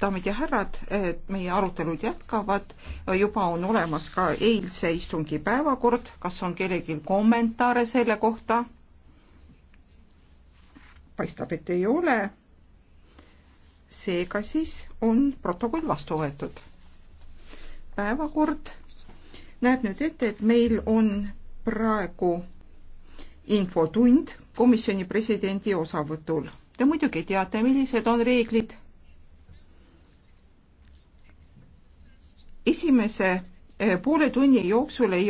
daamid ja härrad, meie arutelud jätkavad, juba on olemas ka eilse istungi päevakord, kas on kellelgi kommentaare selle kohta? paistab, et ei ole. seega siis on protokoll vastu võetud. päevakord näeb nüüd ette, et meil on praegu infotund komisjoni presidendi osavõtul. Te muidugi teate, millised on reeglid esimese eh, poole tunni jooksul ei